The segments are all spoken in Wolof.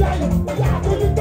jaay yaa ko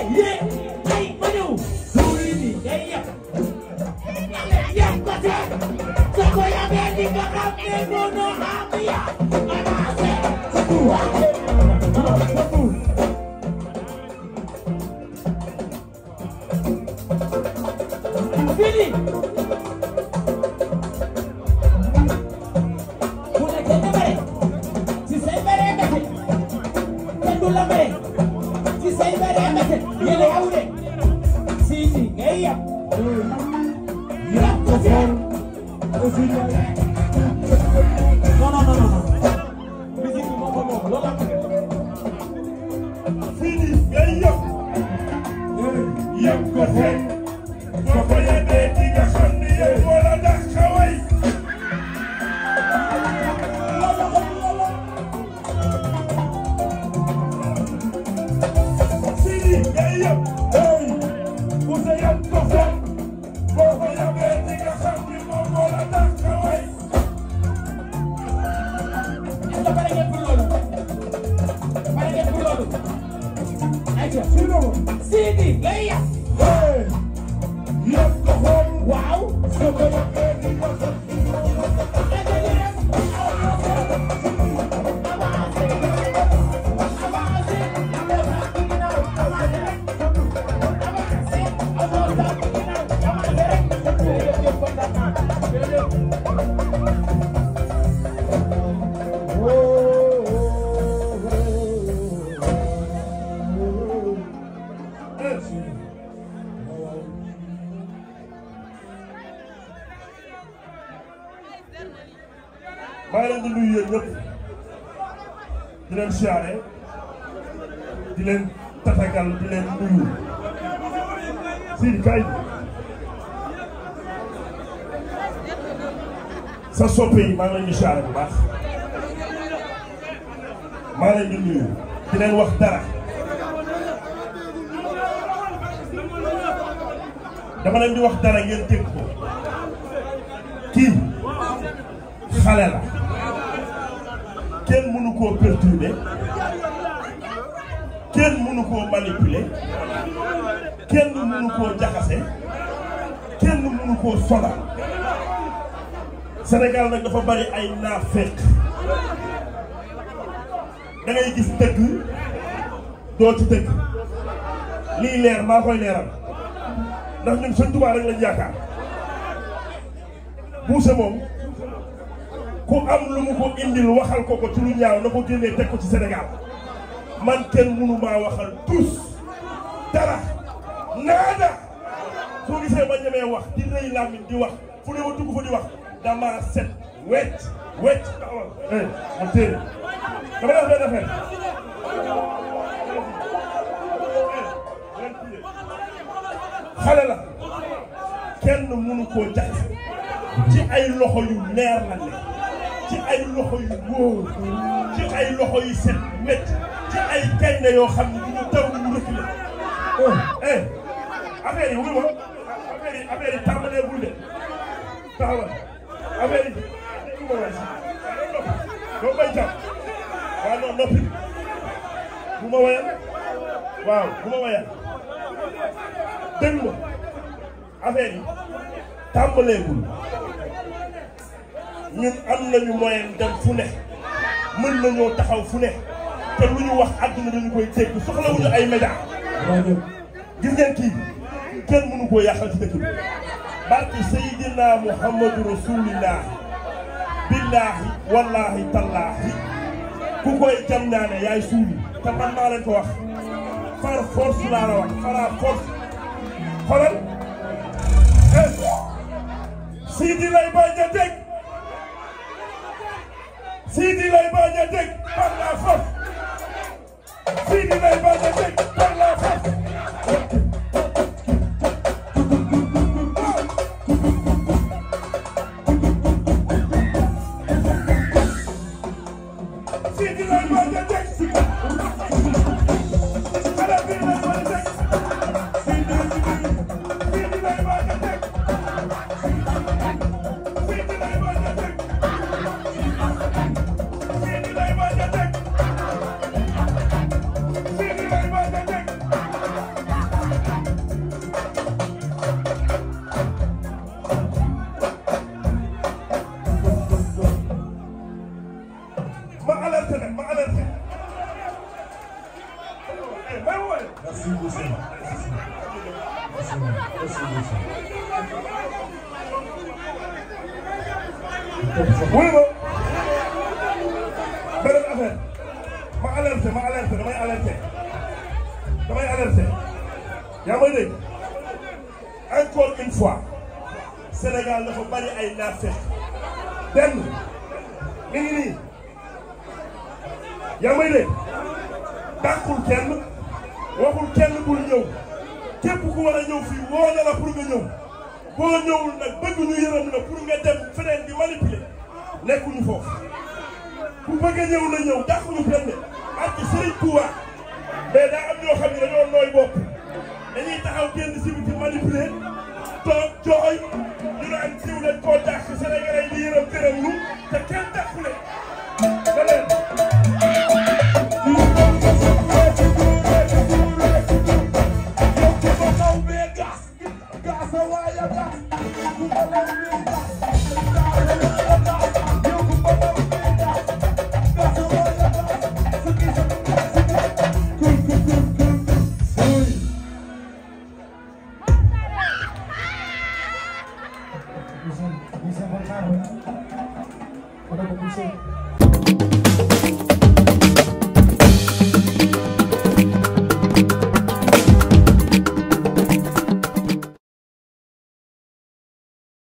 Billy! yàq yàq ko fort aussi non non non non musique bi moo ko moom loolu la fii nii day yàq yàq ko fort waaw maa ngi leen di nuyu yéen di leen siyaare di leen tatagal di leen nuyu Sidi kay sa soppe yi maa leen di siyaare bu baax maa ngi leen di nuyu di leen wax dara dama leen di wax dara ngeen dégg ko kii xale la kenn mënu koo perturber kenn mënu koo manipuler kenn mënu koo jaxase kenn mënu koo sonal Sénégal nag dafa bari ay naaféq dangay gis dëgg doo ci dëgg lii leer maa koy leeral ndax ñun Sëñ Tuubaa rek lañ yaakaar buuse moom. ku am lu mu ko indil waxal ko ko ci lu ñaaw na ko génnee teg ko ci Sénégal man kenn mënu maa waxal tous dara naada soo gisee ma ñemee wax di rëy làmmiñ di wax fu ne ma dugg fa di wax dama set wecc wecc eh ma xale la kenn mënu koo jax ci ay loxo yu leer la ne ci ay loxo yu wóor ci ay loxo yu set wet ci ay gaynde yoo xam ne du ñu taw ñu rëkk la. eh affaire yi wuyu ma affaire yi affaire yi tàmbalee bul de taxawal waaw non ma wayal waaw ma wayal dégg nga affaire ñun am nañu moyen dem fu ne mën nañoo taxaw fu ne te lu ñu wax àdduna dañu koy teg soxlawuñu ay média gis ngeen kii kenn mënu koo yàqal ci dëkk bi barki Seydina Muhammadu Rasulillah billaahi wallaahi tallaahi ku koy jam ñaane yaay suuli te man maa leen ko wax par force laa la wax par force xoolal eh. Sidi lay a teg Sidi lay bañ a dégg par la force Sidi lay bañ a dégg par la force wuyu ma beneen affaire ma alerté ma alerté damay alerté damay alerté yaa may dégg encore une fois Sénégal dafa bari ay naafeq benn mi ngi nii yaa may dégg dàqul kenn. bul ñëw képp ku war a ñëw fii woo na la pour nga ñëw boo ñëwul nag bëgg ñu yërëm la pour nga dem feneen di manipuler nekkuñu foofu ku bëgg a ñëw na ñëw dàquñu benn ak ci Serigne Touba mais daa am ñoo xam ne dañoo nooy bopp dañuy taxaw génn si biti manipuler toog jooy ñu naan siiw leen koo dàq Sénégalais di yërëm këram ñu te kenn dàqu Musim, musim berkah. Ada musim.